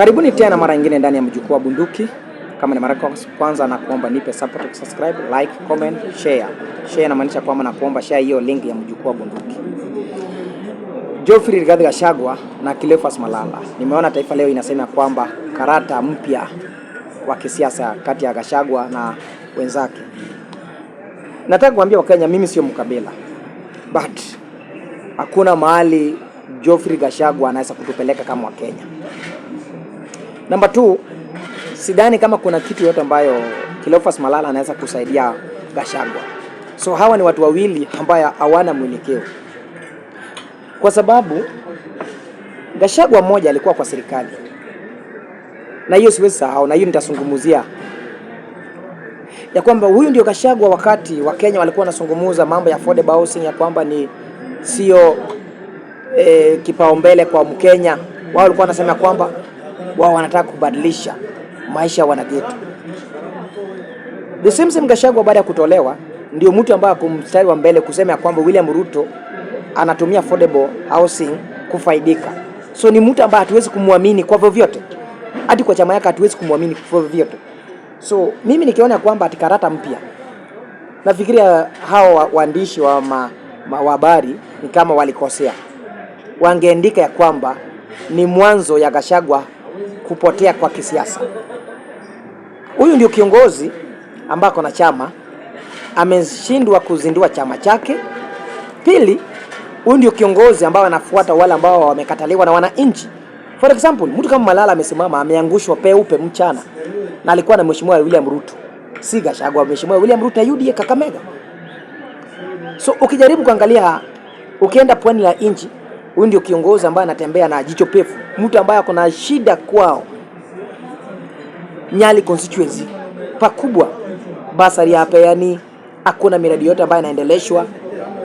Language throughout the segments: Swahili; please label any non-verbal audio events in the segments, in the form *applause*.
Karibuni tena mara nyingine ndani ya Mjukuu wa Bunduki. Kama ni mara yako kwanza, na kuomba nipe support, subscribe, like, comment, share. Share inamaanisha kwamba nakuomba share hiyo link ya Mjukuu wa Bunduki. Geoffrey Rigathi Gachagua na Cleophas Malala. Nimeona Taifa Leo inasema kwamba karata mpya wa kisiasa kati ya Gachagua na wenzake. Nataka kuambia Wakenya, mimi sio mkabila, but hakuna mahali Geoffrey Gachagua anaweza kutupeleka kama Wakenya. Namba 2 sidhani kama kuna kitu yote ambayo kilofas Malala anaweza kusaidia gashagwa So hawa ni watu wawili ambayo hawana mwelekeo, kwa sababu gashagwa mmoja alikuwa kwa serikali, na hiyo siwezi sahau, na hiyo nitazungumzia ya kwamba huyu ndio gashagwa wakati wa Kenya walikuwa wanazungumuza mambo ya housing, ya kwamba ni sio e, kipaumbele kwa Mkenya. Wao walikuwa wanasema kwamba wao wanataka kubadilisha maisha wanagetu. The Simpson Gachagua baada ya kutolewa ndio mtu ambaye akumstari wa mbele kusema kwamba William Ruto anatumia affordable housing kufaidika. So ni mtu ambaye hatuwezi kumwamini kwa vyovyote, hadi kwa chama yake hatuwezi kumwamini kwa vyovyote. So mimi nikiona kwamba atikarata mpya, nafikiria hao waandishi wa ma, ma, wa habari ni kama walikosea, wangeandika ya kwamba ni mwanzo ya Gachagua kupotea kwa kisiasa. Huyu ndio kiongozi ambako na chama ameshindwa kuzindua chama chake. Pili, huyu ndio kiongozi ambao anafuata wale ambao wamekataliwa na wananchi. For example, mtu kama Malala amesimama ameangushwa peupe mchana na alikuwa na mheshimiwa William Ruto. Si Gachagua, mheshimiwa William Ruto UDA Kakamega. So ukijaribu kuangalia ukienda pwani la nchi Huyu ndio kiongozi ambaye anatembea na jicho pefu, mtu ambaye akona shida kwao Nyali constituency pakubwa. Basari hapa yani hakuna miradi yote ambayo inaendeleshwa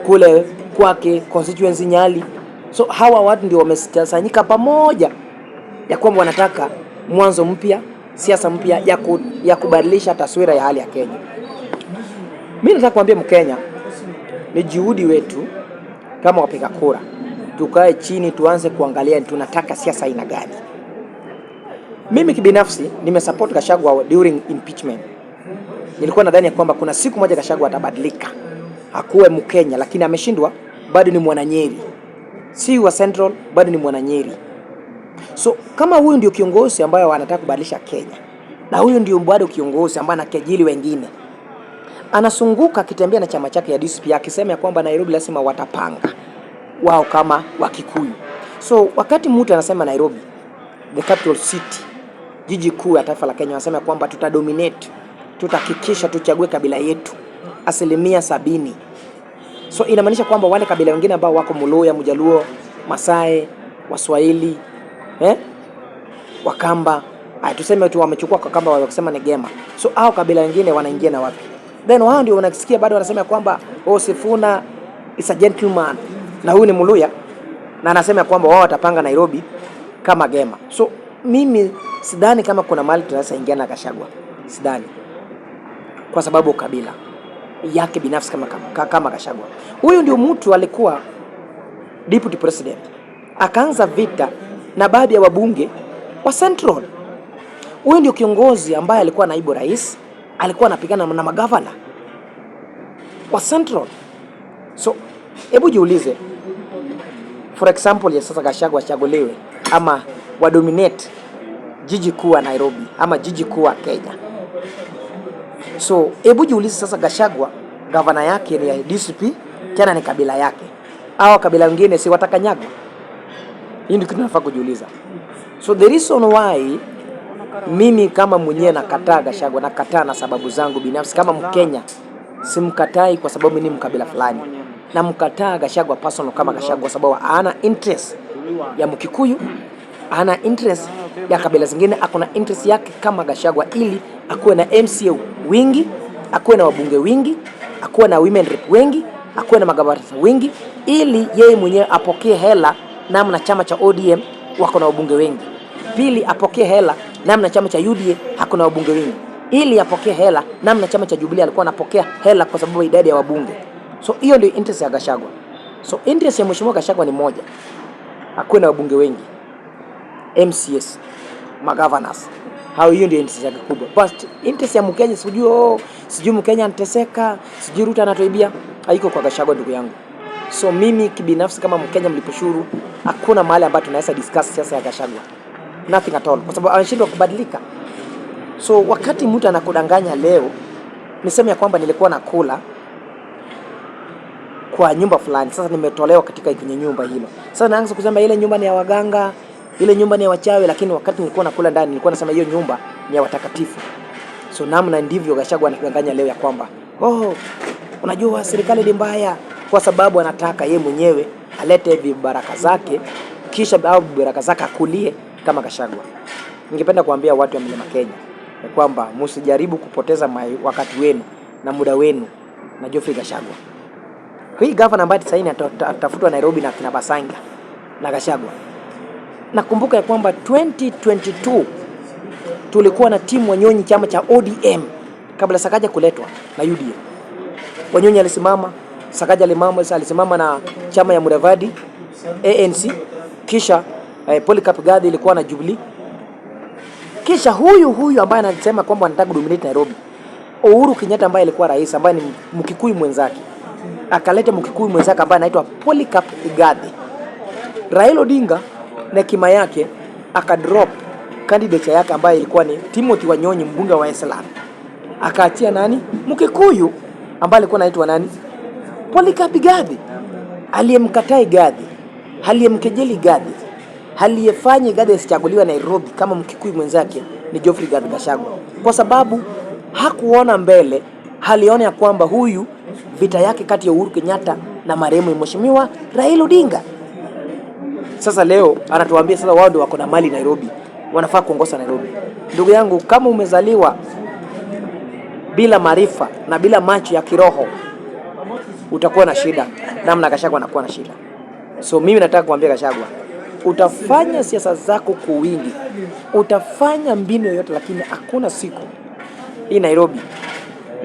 kule kwake constituency Nyali. So hawa watu ndio wamesanyika pamoja ya kwamba wanataka mwanzo mpya, siasa mpya ya, ku, ya kubadilisha taswira ya hali ya Kenya. Mimi nataka kuambia Mkenya, ni juhudi wetu kama wapiga kura tukae chini tuanze kuangalia tunataka siasa aina gani. Mimi kibinafsi nimesupport Gachagua during impeachment. Nilikuwa nadhani ya kwamba kuna siku moja Gachagua atabadilika, akuwe Mkenya, lakini ameshindwa, bado ni mwananyeri, si wa Central, bado ni mwananyeri. So kama huyu ndio kiongozi ambaye anataka kubadilisha Kenya na huyu ndio bado kiongozi ambaye anakejili wengine, anasunguka akitembea na chama chake ya DCP akisema ya kwamba Nairobi lazima watapanga wao kama Wakikuyu. So wakati mtu anasema Nairobi the capital city, jiji kuu ya taifa la Kenya, anasema kwamba tutadominate, tutahakikisha tuchague kabila yetu asilimia sabini. So inamaanisha kwamba wale kabila wengine ambao wako Muluya, Mjaluo, Masai, Waswahili eh? Wakamba Ay, tuseme tu wamechukua Wakamba wakasema ni Gema, so hao kabila wengine wanaingia na wapi? Then wao ndio wanasikia bado wanasema kwamba oh, Sifuna is a gentleman na huyu ni Mluya na anasema kwamba wao watapanga Nairobi kama Gema. So mimi sidhani kama kuna mali tunaweza ingiana na Kashagwa, sidhani kwa sababu kabila yake binafsi kama, kama, kama Kashagwa. Huyu ndio mtu alikuwa deputy president akaanza vita na baadhi ya wabunge wa Central. Huyu ndio kiongozi ambaye alikuwa naibu rais, alikuwa anapigana na magavana wa Central. So Hebu jiulize, for example ya sasa Gachagua achaguliwe ama wadominate jiji kuu wa Nairobi ama jiji kuu wa Kenya. So hebu jiulize sasa, Gachagua gavana yake ni ya DCP tena ni kabila yake, au kabila wengine si watakanyagwa? Hii ndio kitu tunafaa kujiuliza. So the reason why mimi kama mwenyewe nakataa Gachagua, nakataa na sababu zangu binafsi. Kama Mkenya simkatai kwa sababu mimi ni mkabila fulani namkataa Gashagwa personal kama Gashagwa sababu ana interest ya Mkikuyu, ana interest ya kabila zingine, akona interest yake kama Gashagwa, ili akuwe na MCA wingi, akuwe na wabunge wingi, akuwe na women rep wengi, akuwe na magavana wengi, ili yeye mwenyewe apokee hela namna chama cha ODM wako na wabunge wengi. Pili, apokee hela namna chama cha UDA hakuna wabunge wengi, ili apokee hela namna chama cha Jubilee alikuwa anapokea hela kwa sababu idadi ya wabunge So hiyo ndio interest ya Gashagwa. So interest ya mheshimiwa Gashagwa ni moja, akuwe na wabunge wengi MCS, magovernors hao, hiyo ndio interest yake kubwa. But interest ya Mkenya sijui, oh, sijui Mkenya anateseka, sijui Ruto anatoibia, haiko kwa Gashagwa, ndugu yangu. So mimi kibinafsi kama Mkenya mliposhuru, hakuna mahali ambapo tunaweza discuss siasa ya Gashagwa, nothing at all, kwa sababu anashindwa kubadilika. So wakati mtu anakudanganya leo, niseme ya kwamba nilikuwa nakula kwa nyumba fulani, sasa nimetolewa katika kwenye nyumba hilo. Sasa naanza kusema ile nyumba ni ya waganga, ile nyumba ni ya wachawi, lakini wakati nilikuwa nakula ndani nilikuwa nasema hiyo nyumba ni ya watakatifu. So namna ndivyo Gachagua anadanganya leo ya kwamba oh, unajua serikali ni mbaya, kwa sababu anataka ye mwenyewe alete vibaraka zake kisha au vibaraka zake akulie kama Gachagua. Ningependa kuambia watu wa Mlima Kenya kwamba msijaribu kupoteza wakati wenu na muda wenu na Geoffrey Gachagua. Hii gavana ambaye sasa hivi atafutwa Nairobi na kina Basanga na Gachagua. Nakumbuka ya kwamba 2022 tulikuwa na timu Wanyonyi chama cha ODM kabla Sakaja kuletwa na UDA. Wanyonyi alisimama, Sakaja alimama, alisimama na chama ya Mudavadi ANC, kisha eh, Polycarp Gathi ilikuwa na Jubilee. Kisha huyu huyu ambaye anasema kwamba anataka kudominate Nairobi, Uhuru Kenyatta ambaye alikuwa rais, ambaye ni Mkikuyu mwenzake akaleta mkikuyu mwenzake ambaye anaitwa Polycarp Igathe. Raila Odinga na kima yake akadrop candidate yake ambaye ilikuwa ni Timothy Wanyonyi, mbunge wa Islam, akaachia nani mkikuyu ambaye alikuwa anaitwa nani Polycarp Igathe, aliyemkataa Igathe, aliyemkejeli Igathe, aliyefanya Igathe asichaguliwe Nairobi kama mkikuyu mwenzake ni Geoffrey Gachagua, kwa sababu hakuona mbele, aliona ya kwamba huyu vita yake kati ya Uhuru Kenyatta na marehemu Mheshimiwa Raila Odinga. Sasa leo anatuambia sasa wao ndio wako na mali Nairobi, wanafaa kuongoza Nairobi. Ndugu yangu, kama umezaliwa bila maarifa na bila macho ya kiroho utakuwa na shida, namna Gachagua anakuwa na shida. So mimi nataka kuambia Gachagua, utafanya siasa zako kwa wingi, utafanya mbinu yoyote, lakini hakuna siku hii Nairobi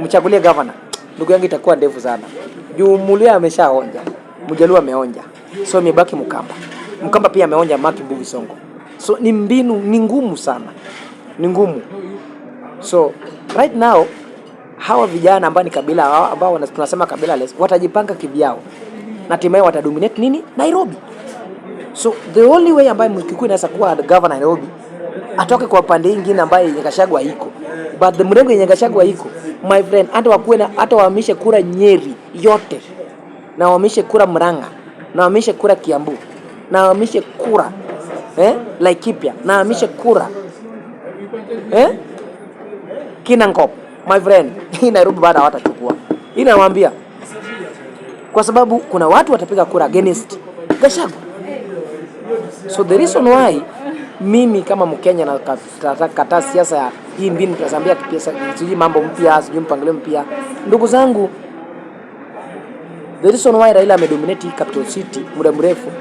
mchagulie governor ndugu yangu itakuwa ndefu sana. Juu Mulia ameshaonja, Mjaluo ameonja, so imebaki Mkamba. Mkamba pia ameonja Maki Mbuvi Songo, so ni mbinu, ni ngumu sana, ni ngumu. So right now hawa vijana ambao ni kabila ambao tunasema kabila les watajipanga kivyao na timaye watadominate nini Nairobi. So the only way ambayo mkikuu inaweza kuwa governor Nairobi atoke kwa pande nyingine ambaye Gachagua iko but the mrengo yenye Gachagua iko my friend, hata wakuwe na hata waamishe kura Nyeri yote na waamishe kura mranga na waamishe kura Kiambu na waamishe kura eh, Laikipia na waamishe kura eh, Kinangop my friend, *laughs* hii Nairobi bado hawatachukua. Hii nawaambia kwa sababu kuna watu watapiga kura against Gachagua, so the reason why mimi kama Mkenya nakataa siasa ya hii mbinu, tunasambia sijui mambo mpya, sijui mpangilio mpya. Ndugu zangu, the reason why Raila amedominate hii capital city muda mrefu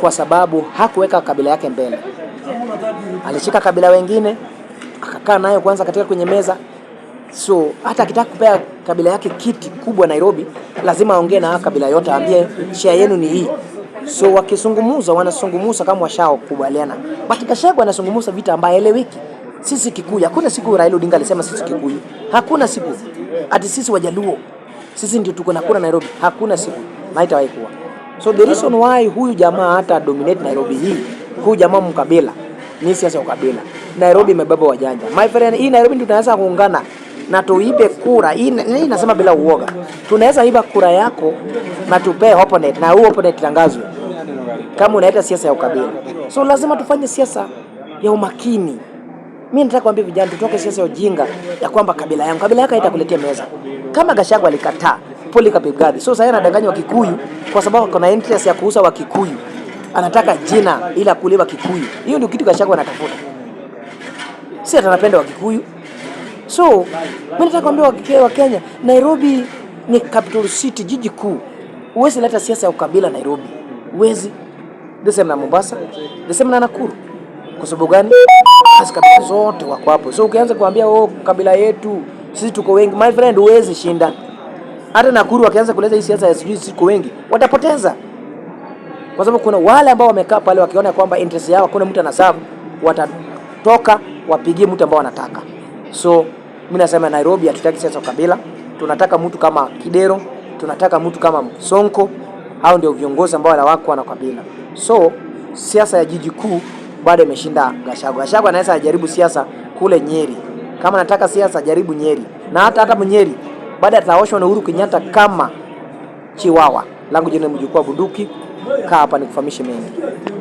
kwa sababu hakuweka kabila yake mbele, alishika kabila wengine akakaa nayo kwanza katika kwenye meza. So hata akitaka kupea kabila yake kiti kubwa Nairobi, lazima aongee na kabila yote, aambie share yenu ni hii. So wakizungumuza wanazungumuza kama washaokubaliana, but Gachagua anazungumuza vita ambayo eleweki. Sisi Kikuyu hakuna siku Raila Odinga alisema sisi Kikuyu, hakuna siku ati sisi Wajaluo sisi ndio tuko na kura Nairobi, hakuna siku na itawahi kuwa. So the reason why huyu jamaa hata dominate Nairobi hii, huyu jamaa mkabila ni siasa ya ukabila. Nairobi imebeba wajanja. My friend, hii Nairobi ndio tunaweza kuungana na tuibe kura hii. Nasema bila uoga, tunaweza iba kura yako na tupee opponent na huo opponent tangazwe kama unaleta siasa ya ukabila. So lazima tufanye siasa ya umakini. Mimi nataka kuambia vijana tutoke siasa ya ujinga ya kwamba kabila yangu, kabila yako haitakuletea meza. Kama Gachagua alikataa Polycarp Gadi, so sasa anadanganya wa Kikuyu kwa sababu kuna interest ya kuuza wa Kikuyu. anataka jina ila kule Kikuyu. Hiyo ndio kitu Gachagua anatafuta, si atanapenda wa Kikuyu. So mimi nataka kuambia wa wa Kenya, Nairobi ni capital city, jiji kuu. Uwezi leta siasa ya ukabila Nairobi, Uwezi the same na Mombasa, the same na Nakuru. Kwa sababu gani? Kabila zote wako hapo. So ukianza kuambia oh, kabila yetu sisi tuko wengi, my friend, huwezi shinda. Hata Nakuru wakianza kuleta hii siasa ya sijui sisi tuko wengi, watapoteza, kwa sababu kuna wale ambao wamekaa pale wakiona kwamba interest yao hakuna mtu anasabu, watatoka wapigie mtu ambao wanataka. So mimi nasema Nairobi hatutaki siasa kabila, tunataka mtu kama Kidero, tunataka mtu kama Sonko. Hao ndio viongozi ambao wanawako na kabila. So siasa ya jiji kuu bado imeshinda Gachagua. Gachagua anaweza ajaribu siasa kule Nyeri, kama nataka siasa jaribu Nyeri, na hata hata Nyeri baada ataoshwa na Uhuru Kenyatta kama chiwawa. Langu jina mjukuu wa Bunduki, kaa hapa nikufahamishe mengi.